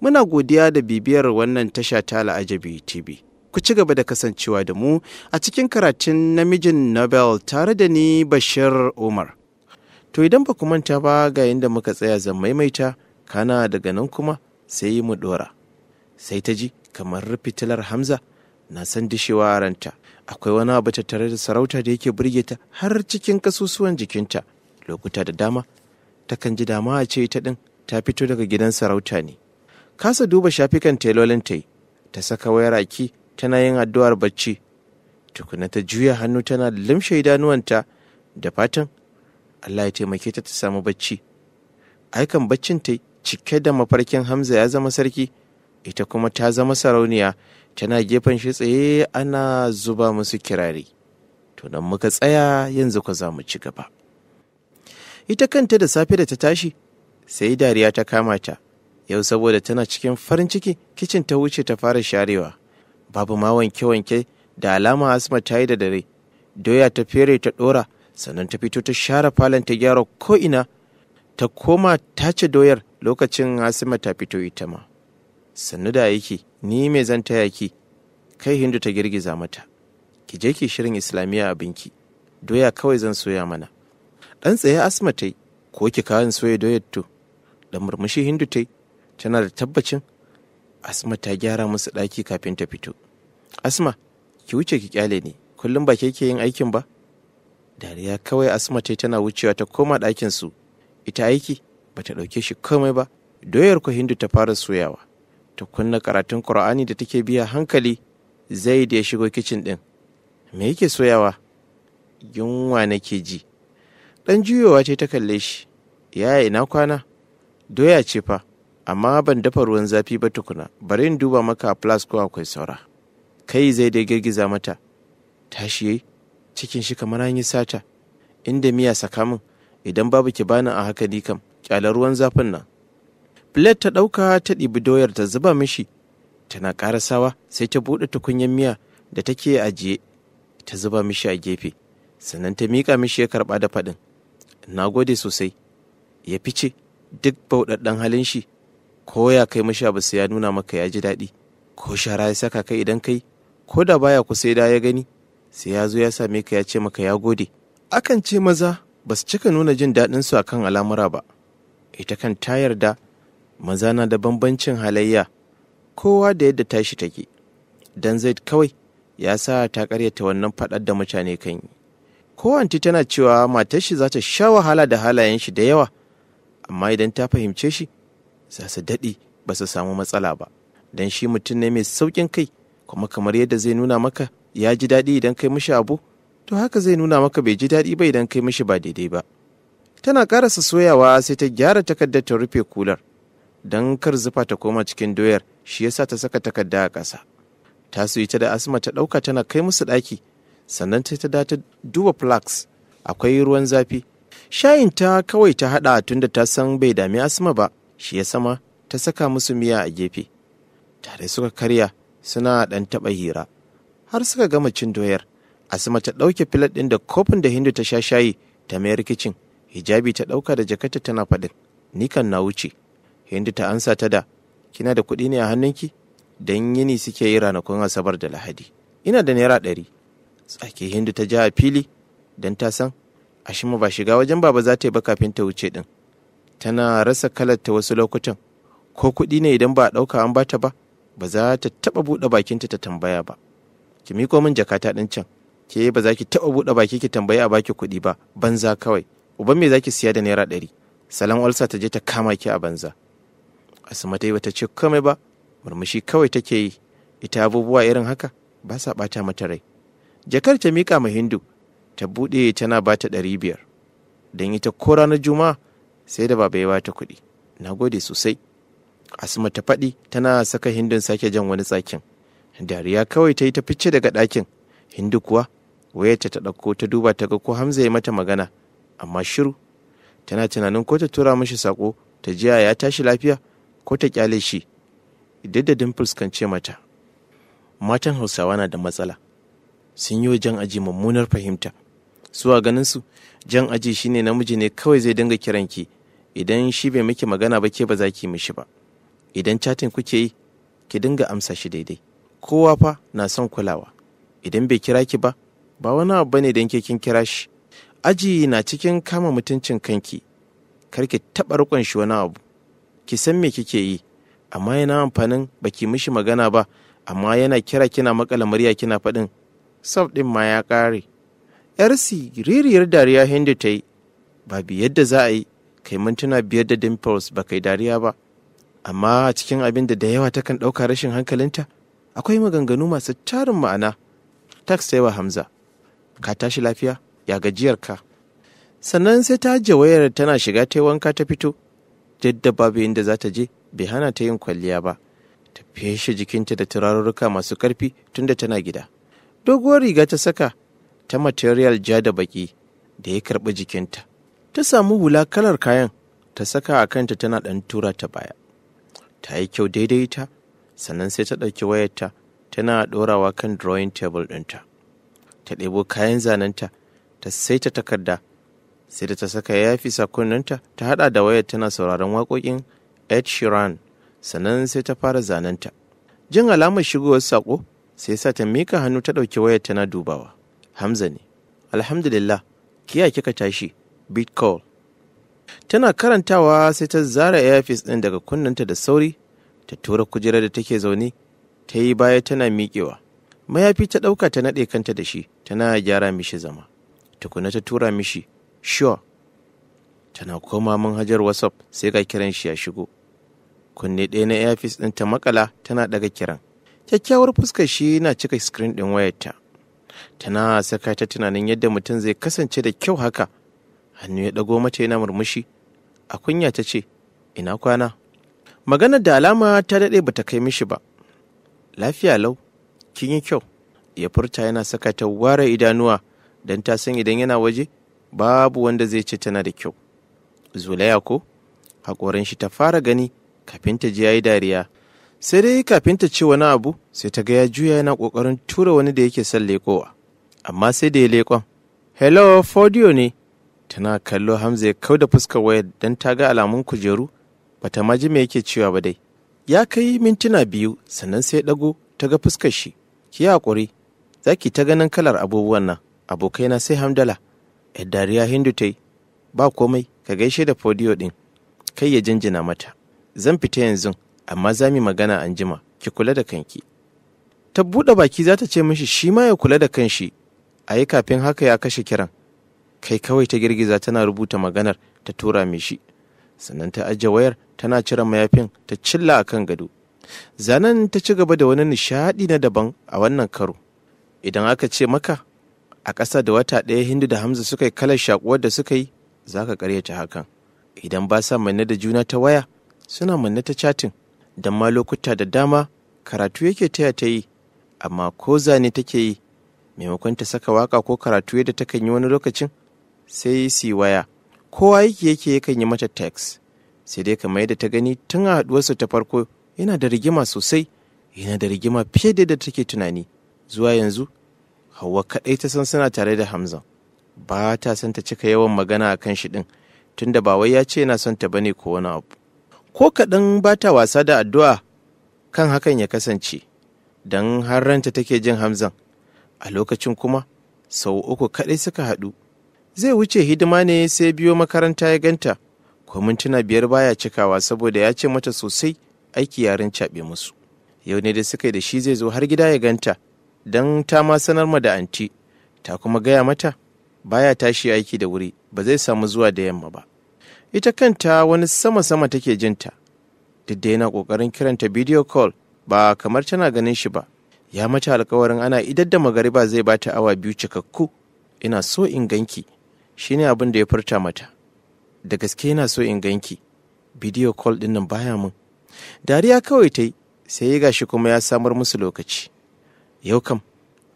Muna godiya da bibiyar wannan tasha ta Al'ajabi TV. Ku ci gaba da kasancewa da mu a cikin karatun namijin Nobel tare da ni Bashir Umar. To idan ba ku manta ba ga inda muka tsaya zan maimaita, kana daga nan kuma sai mu ɗora. Sai ta ji kamar fitilar Hamza na san dishewa ranta. Akwai wani abu tattare da sarauta da yake burge ta har cikin kasusuwan jikinta. Lokuta da dama, takan ji dama a ce ta ɗin ta fito daga gidan sarauta ne. kasa duba shafikan telolin ta ta saka wayar aki tana yin addu'ar bacci tukuna ta juya hannu tana limshe idanuwanta da fatan allah ya taimake ta ta samu bacci aikan baccin ta cike da mafarkin hamza ya zama sarki ita kuma ta zama sarauniya tana gefen shi tsaye ana zuba musu kirari to muka tsaya yanzu ka za mu ci gaba ita kanta da safe da ta tashi sai dariya ta kama ta yau saboda tana cikin farin ciki kicin ta wuce ta fara sharewa babu ma wanke-wanke da alama asma ta yi da dare doya ta fere ta ɗora sannan ta fito ta share falon ta gyara ko'ina ta koma ta ce doyar lokacin Asma ta fito ita ma sannu da aiki ni mai zan taya ki kai hindu ta girgiza mata ki je ki shirin islamiyya abinki doya kawai zan soya mana ɗan tsaye asma ta yi ko ki kawai soya doyar to da murmushi hindu ta yi tana da tabbacin asma ta gyara musu ɗaki kafin ta fito asma ki wuce ki kyale ne, kullum ba ke yin aikin ba dariya kawai asma ta tana wucewa ta koma ɗakin su ita aiki ba ta ɗauke shi komai ba doyar ku hindu ta fara soyawa ta kunna karatun qur'ani da take biya hankali zai da ya shigo kicin ɗin me yake soyawa yunwa nake ji ɗan juyowa ce ta kalle shi yaya ina kwana doya ce fa amma ban dafa ruwan zafi ba tukuna bari in duba maka plus ko akwai saura kai zai dai girgiza mata tashi yayi cikin shi kamar an yi sata inda miya saka min idan babu ki bani a haka ni kam kyalar ruwan zafin nan plate ta ɗauka ta ɗibi doyar ta zuba mishi tana sawa sai ta buɗe tukunyar miya da take ajiye ta zuba mishi a gefe sannan ta mika mishi ya karɓa da faɗin na gode sosai ya fice duk bauɗaɗɗen halin shi ko ya kai masha basu ya nuna maka ya ji daɗi ko shara ya saka kai idan kai ko da baya ku sai da ya gani sai ya zo ya same ka ya ce maka ya gode akan ce maza ba su cika nuna jin daɗin su akan al'amura ba ita kan ta yarda maza na da bambancin halayya kowa da yadda tashi take dan zai kawai ya sa ta karyata wannan faɗar da mutane kan yi kowanti tana cewa matar shi za ta sha wahala da halayen shi da yawa amma idan ta fahimce shi za su daɗe ba su samu matsala ba don shi mutum ne mai sauƙin kai kuma kamar yadda zai nuna maka ya ji daɗi idan kai mishi abu to haka zai nuna maka bai ji daɗi ba idan kai mishi ba daidai ba tana ƙarasa soyawa sai ta gyara takardar ta rufe kular don kar zufa ta koma cikin doyar shi yasa ta saka takarda a ƙasa ta su ita da asma ta ɗauka tana kai musu ɗaki sannan ta ta ta duba flax akwai ruwan zafi shayin ta kawai ta haɗa tunda ta san bai dami asma ba shi ya sama ta saka musu miya a gefe tare suka karya suna ɗan taɓa hira har suka gama cin doyar asima ta ɗauke filat ɗin da kofin da hindu ta sha shayi ta mayar kicin hijabi ta ɗauka da jakarta tana faɗin ni kan na wuce hindu ta ansa ta da kina da kuɗi ne a hannunki dan yini suke yi ranakun asabar da lahadi ina da naira ɗari tsaki hindu ta ja a fili don ta san ashima ba shiga wajen baba za ta yi ba kafin ta wuce ɗin tana rasa kalarta wasu lokutan ko kuɗi ne idan ba a ɗauka an bata ba ba za ta taɓa buɗe bakinta ta tambaya ba ki miko min jakata ɗin can ke ba za ki taɓa buɗe baki ki tambayi a baki kuɗi ba banza kawai uban me za ki siya da naira ɗari salon olsa ta je ta kama ki a banza asuma ta yi bata ce komai ba murmushi kawai take yi ita abubuwa irin haka ba sa ɓata mata rai jakar ta miƙa ma hindu ta buɗe tana bata ɗari biyar don ita ko ranar juma'a sai da baba ya bata kuɗi na gode sosai asma ta faɗi tana saka hindun sake jan wani tsakin dariya kawai ta yi ta fice daga ɗakin hindu kuwa wayarta ta ɗauko ta duba ta ga ko hamza ya mata magana amma shiru tana tunanin ko ta tura mishi sako ta jiya ya tashi lafiya ko ta kyale shi duk da dimples kan ce mata matan hausawa na da matsala sun yi jan aji mummunar fahimta suwa ganin su jan aji shine namiji ne kawai zai dinga kiranki idan shi bai miki magana ba ke ba za ki mishi ba idan chatin kuke yi ki dinga amsa shi daidai kowa fa na son kulawa idan bai kira ki ba ba wani abu bane don ke kin kira shi aji na cikin kama mutuncin kanki kar ki taɓa rikon shi wani abu ki san me kike yi amma yana amfanin baki mishi magana ba amma yana kira kina makala murya kina faɗin sab din ma ya ƙare yar ririyar dariya hindu ta yi babu yadda za a yi kai mintuna biyar da dimples ba kai dariya ba amma a cikin abin da da yawa takan ɗauka rashin hankalinta akwai maganganu masu tarin ma'ana tax wa hamza ka tashi lafiya ya gajiyar ka sannan sai ta ajiye wayar tana shiga ta wanka ta fito Duk da babu inda za ta je bai hana ta yin kwalliya ba ta feshe jikinta da turarurruka masu karfi tunda tana gida doguwar riga ta saka ta material ja da baki da ya karɓi jikinta ta samu hula kalar kayan ta saka a kanta tana ɗan tura ta baya ta yi kyau daidai ta sannan sai ta ɗauki wayarta tana ɗorawa kan drawing table ɗinta ta ɗebo kayan zanenta ta saita takarda sai da ta saka ya yafi sakonninta ta haɗa da wayar tana sauraron waƙoƙin ed sheeran sannan sai ta fara zanenta jin alamar shigowar sako sai sa ta mika hannu ta ɗauki wayar tana dubawa hamza ne alhamdulillah kiya kika tashi bitcoin tana karantawa sai ta zara earpiece ɗin daga kunnanta da sauri ta tura kujerar da take zaune ta yi baya tana miƙewa mayafi ta ɗauka ta naɗe kanta da shi tana gyara mishi zama tukuna ta tura mishi sure tana koma hajar whatsapp sai ga kiran shi ya shigo kunne ɗaya na earpiece ɗin ta makala tana ɗaga kiran kyakkyawar fuskar shi na cika screen ɗin wayarta tana saka ta tunanin yadda mutum zai kasance da kyau haka hannu ya ɗago mace yana murmushi a kunya ta ce ina kwana maganar da alama ta daɗe bata kai mishi ba lafiya lau kin yi kyau ya furta yana saka ta ware idanuwa don ta san idan yana waje babu wanda zai ce tana da kyau zulaya ko haƙorin shi ta fara gani kafin ta ji yi dariya sai dai kafin ta ce wani abu sai ta ga ya juya yana ƙoƙarin tura wani da yake son lekowa. amma sai da ya leƙon hello fodio ne tana kallo hamza ya kau da fuskar wayar don ta ga alamun kujeru bata ma ji me yake cewa ba dai ya kai mintuna biyu sannan sai dago ta ga fuskar shi ki hakuri za ki ta ganin kalar abubuwan nan abokaina sai hamdala yar dariya hindu ta yi ba komai ka gaishe da fodiyo ɗin kai ya jinjina mata zan fita yanzu amma za mu magana an jima ki kula da kanki ta buɗe baki za ta ce mishi shi ma ya kula da kanshi a yi kafin haka ya kashe kiran kai kawai ta girgiza tana rubuta maganar ta tura mai shi sannan ta ajiye wayar tana cire mayafin ta cilla a kan gado zanen ta ci gaba da wani nishadi na daban a wannan karo idan aka ce maka a ƙasa da wata ɗaya hindu da hamza suka yi kalar shakuwar da suka yi za ka ƙaryata hakan idan ba sa manne da juna ta waya suna manne ta chatin don ma lokuta da dama karatu yake taya ta yi amma ko zane take yi maimakon ta saka waka ko karatu yadda takan yi wani lokacin sai su waya kowa yake yake yakan yi mata text sai dai kamar yadda ta gani tun a ta farko yana da rigima sosai yana da rigima fiye da yadda take tunani zuwa yanzu hawa kaɗai ta san suna tare da hamza ba ta san ta cika yawan magana a kan shi ɗin tunda ba wai ya ce yana son ta bane ko wani abu ko kaɗan ba ta wasa da addu'a kan hakan ya kasance don har ranta take jin hamzan a lokacin kuma sau uku kaɗai suka haɗu zai wuce hidima ne sai biyo makaranta ya ganta ko mintuna biyar baya cikawa saboda ya ce mata sosai aiki yaren caɓe musu yau ne da suka yi da shi zai zo har gida ya ganta don ta ma sanar ma da anti ta kuma gaya mata baya tashi aiki da wuri ba zai samu zuwa da yamma ba ita kanta wani sama-sama take jinta duk da yana ƙoƙarin kiranta bidiyo call ba kamar tana ganin shi ba ya mata alkawarin ana idar da magariba zai bata awa biyu cikakku ina so in ganki shi ne abin da ya furta mata da gaske yana so in ganki bidiyo call ɗin nan baya mun dariya kawai ta yi sai ya gashi kuma ya samar musu lokaci yau kam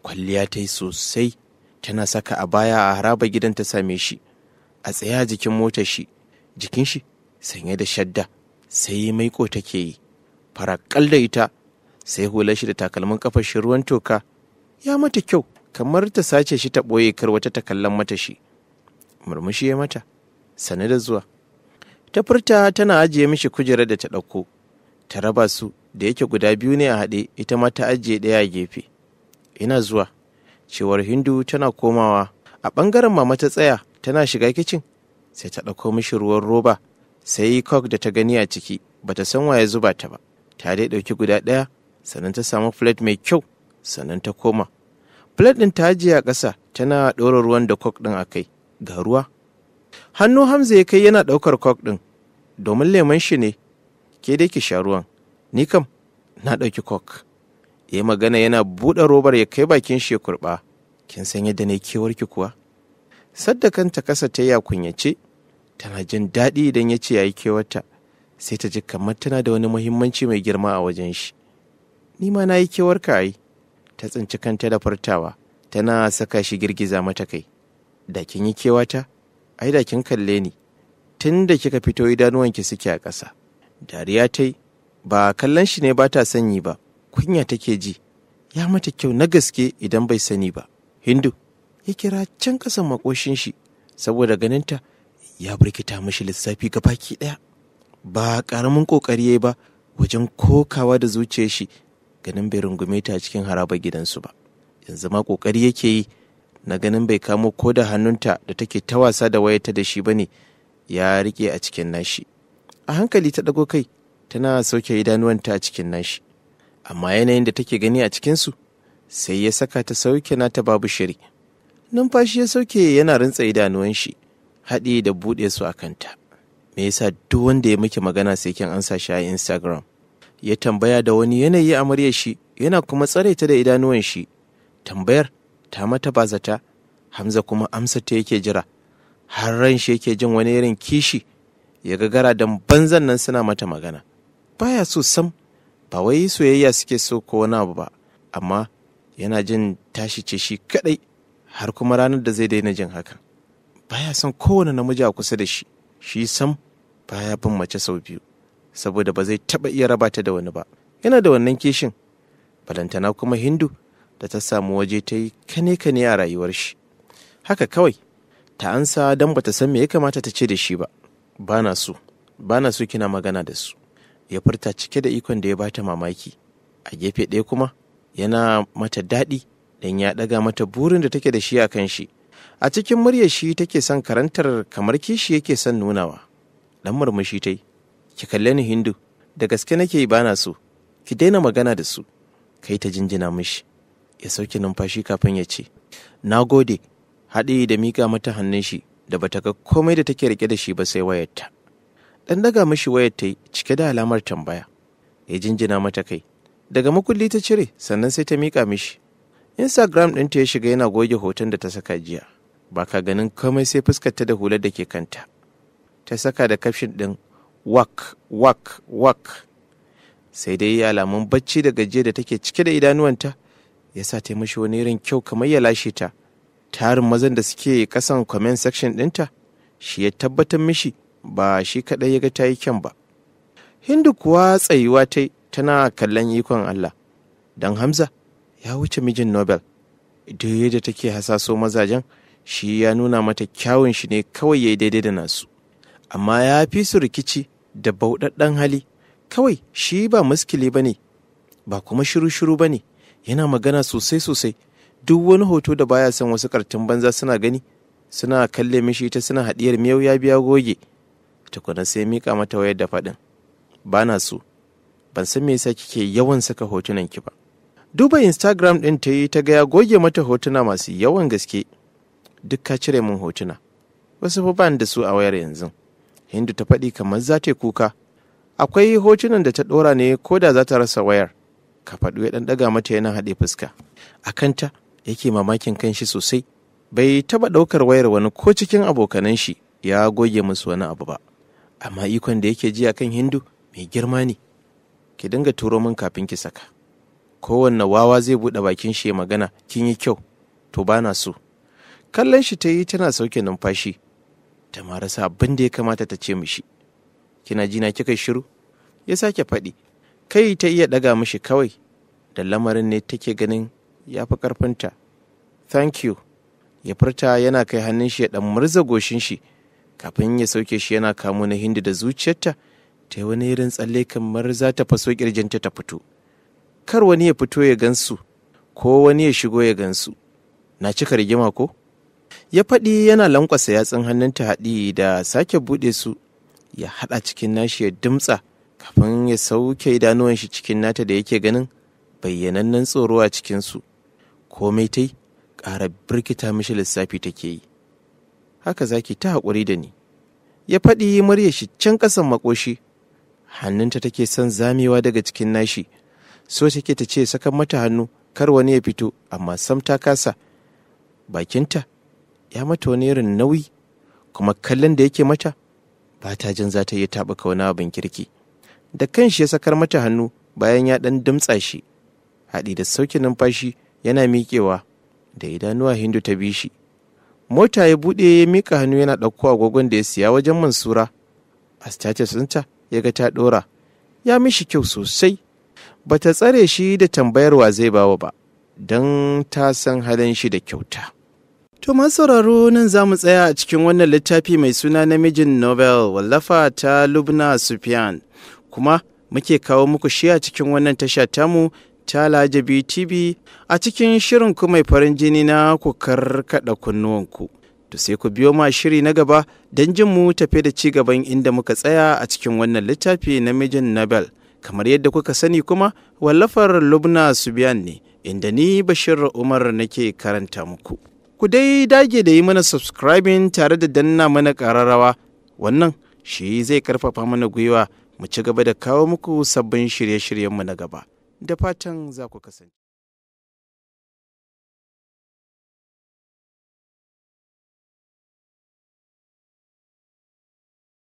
kwalliya ta yi sosai tana saka a baya a haraba gidan ta same shi a tsaya jikin motar shi jikin shi sanye da shadda sai maiko take yi farakal da ita sai hular shi da takalmin kafar shi ruwan toka ya mata kyau kamar ta sace shi ta ɓoye kar wata ta kallon mata shi murmushi ya mata sane da zuwa ta furta tana ajiye mishi kujerar da ta ɗauko ta raba su da yake guda biyu ne a haɗe ita ma ta ajiye ɗaya a gefe ina zuwa cewar hindu tana komawa a ɓangaren mama ta tsaya tana shiga kicin sai ta ɗauko mishi ruwan roba sai yi kok da ta gani a ciki bata san waye zuba ta ba ta dai ɗauki guda ɗaya sannan ta samu flat mai kyau sannan ta koma flat ɗin ta ajiye a ƙasa tana ɗora ruwan da kok ɗin a kai ga ruwa hannu hamza ya kai yana ɗaukar kok ɗin domin lemon shi ne ke dai ki sha ruwan ni kam na ɗauki kok ya magana yana buɗe robar ya kai bakin shi kurɓa kin san yadda kewar ki kuwa sadda kanta kasa ta ya kunyace tana jin daɗi idan ya ce ya yi kewarta sai ta ji kamar tana da wani muhimmanci mai girma a wajen shi ni ma na yi ka ai ta tsinci kanta da fartawa tana saka shi girgiza mata kai da kin yi kewata ai da kin kalle ni tun da kika fito idanuwanki suke a ƙasa dariya ta yi ba kallon shi ne ba ta sanyi ba kunya take ji ya mata kyau na gaske idan bai sani ba hindu ya kira can ƙasan makoshin shi saboda ganinta ya birkita mashi lissafi baki ɗaya ba ƙaramin ƙoƙari ya ba wajen kokawa da zuciyar shi ganin bai rungume ta cikin haraba gidansu ba yanzu ma ƙoƙari yake yi na ganin bai kamo ko da hannunta da take ta wasa da wayarta da shi ba ne ya rike a cikin nashi a hankali ta ɗago kai tana sauke idanuwanta a cikin nashi amma yanayin da take gani a cikinsu sai ya saka ta sauke na ta babu shiri numfashi ya sauke yana rintsa idanuwan shi haɗi da buɗe su a kanta me yasa duk wanda ya miki magana sai kin ansa shi a instagram ya tambaya da wani yanayi a muryar shi yana kuma tsare ta da idanuwan shi tambayar ta mata bazata hamza kuma amsa ta yake jira har ran shi yake jin wani irin kishi ya gagara don banzan nan suna mata magana baya so sam ba wai soyayya suke so ko wani abu ba amma yana jin tashi ce shi kadai har kuma ranar da zai daina jin haka baya son kowane namiji a kusa da shi shi sam baya bin mace sau biyu saboda ba zai taba iya rabata da wani ba yana da wannan kishin balantana kuma hindu da ta samu waje ta yi kane-kane a rayuwar shi haka kawai ta ansa don bata san me ya kamata ta ce da shi ba bana su. bana su kina magana da su ya furta cike da ikon da ya bata mamaki a gefe ɗaya kuma yana mata daɗi don ya ɗaga mata burin da take da shi a kan shi a cikin murya shi take son karantar kamar kishi yake son nunawa dan murmushi ta yi ki kalle ni hindu da gaske nake yi bana so ki daina magana da su kai ta jinjina mishi ya sauke numfashi kafin ya ce na gode haɗi da mika mata hannun shi da bata ga komai da take rike da shi ba sai wayarta dan daga mashi wayar ta cike da alamar tambaya ya jinjina mata kai daga makulli ta cire sannan sai ta mika mishi instagram ɗinta ya shiga yana goge hoton da ta saka jiya ba ka ganin komai sai fuskar ta da hular da ke kanta ta saka da kafshin ɗin wak wak wak sai dai alamun bacci da gajiya da take cike da idanuwanta ya sa ta mishi wani irin kyau kamar ya lashe ta tarin mazan da suke kasan comment section ɗinta shi ya tabbatar mishi ba shi kaɗai ya ga ta yi kyan ba hindu kuwa tsayuwa ta tana kallon ikon allah don hamza ya wuce mijin nobel da yadda take hasaso mazajen shi ya nuna mata kyawun shi ne kawai ya yi daidai da nasu amma ya fi su rikici da bauɗaɗɗen hali kawai shi ba muskili ba ne ba kuma shiru-shiru ba ne yana magana sosai sosai duk wani hoto da baya son wasu kartin banza suna gani suna kalle mishi ta suna haɗiyar miyau ya biya goge tukuna sai mika mata wayar da faɗin ba na so ban san me yasa kike yawan saka hotunan ki ba duba instagram ɗin ta yi ta gaya goge mata hotuna masu yawan gaske duk ka cire min hotuna wasu fa ban da su a wayar yanzu hindu ta faɗi kamar za ta kuka akwai hotunan da ta ɗora ne ko da za ta rasa wayar ka faɗo ya ɗan ɗaga mata yana haɗe fuska a kanta yake mamakin kan shi sosai bai taɓa ɗaukar wayar wani ko cikin abokanan shi ya goge musu wani abu ba amma ikon da yake ji akan hindu mai girma ne ki dinga turo min kafin ki saka kowanne wawa zai buɗe bakin shi ya magana kin yi kyau to ba na so kallon shi ta yi tana sauke numfashi ta marasa abin da ya kamata ta ce mishi kina jina kika shiru ya sake faɗi kai ta iya ɗaga mishi kawai da lamarin ne take ganin ya fi ƙarfinta thank you ya furta yana kai hannun shi ya ɗan murza goshin shi kafin ya sauke shi yana kamo na Hindi da zuciyarta ta yi wani irin tsalle kamar za ta faso kirjinta ta fito kar wani ya fito ya gansu ko wani ya shigo ya gansu na cika rigima ko ya faɗi yana lankwasa yatsun hannunta haɗi da sake buɗe su ya haɗa cikin nashi ya dimtsa kafin ya sauke idanuwan shi cikin nata da yake ganin bayyanannen tsoro a cikinsu komai tai ƙara birkita mishi lissafi take yi haka zaki ta haƙuri da ni ya faɗi murya shi can ƙasan makoshi hannunta take son zamewa daga cikin nashi so take ta ce sakan mata hannu kar wani ya fito amma sam ta kasa bakinta ya mata wani irin nauyi kuma kallon da yake mata ba ta jin za ta iya taɓa kauna abin kirki da kanshi ya sakar mata hannu bayan ya ɗan damtsa shi haɗi da sauke numfashi yana miƙewa da idanuwa hindu ta bi shi mota ya buɗe ya miƙa hannu yana ɗauko agogon da ya siya wajen mansura a astace sunta ya ga ta ɗora ya mishi kyau sosai ba ta tsare shi da tambayarwa zai bawa ba don ta san halin shi da kyauta To sauraro nan za mu tsaya a cikin wannan littafi mai suna namijin Nobel wallafa ta Lubna Sufyan kuma muke kawo muku shi a cikin wannan tasha tamu ta Lajabi TV a cikin shirin ku mai farin jini na ku karkada kunnuwanku. To sai ku biyo ma shiri na gaba don jin mu tafe da ci gaban inda muka tsaya a cikin wannan littafi na mijin Nobel. Kamar yadda kuka sani kuma wallafar Lubna Subiyan ne inda ni Bashir Umar nake karanta muku. Ku dai dage da yi mana subscribing tare da danna mana ƙararrawa. Wannan shi zai karfafa mana gwiwa mu ci gaba da kawo muku sabbin shirye-shiryenmu na gaba da fatan za ku kasance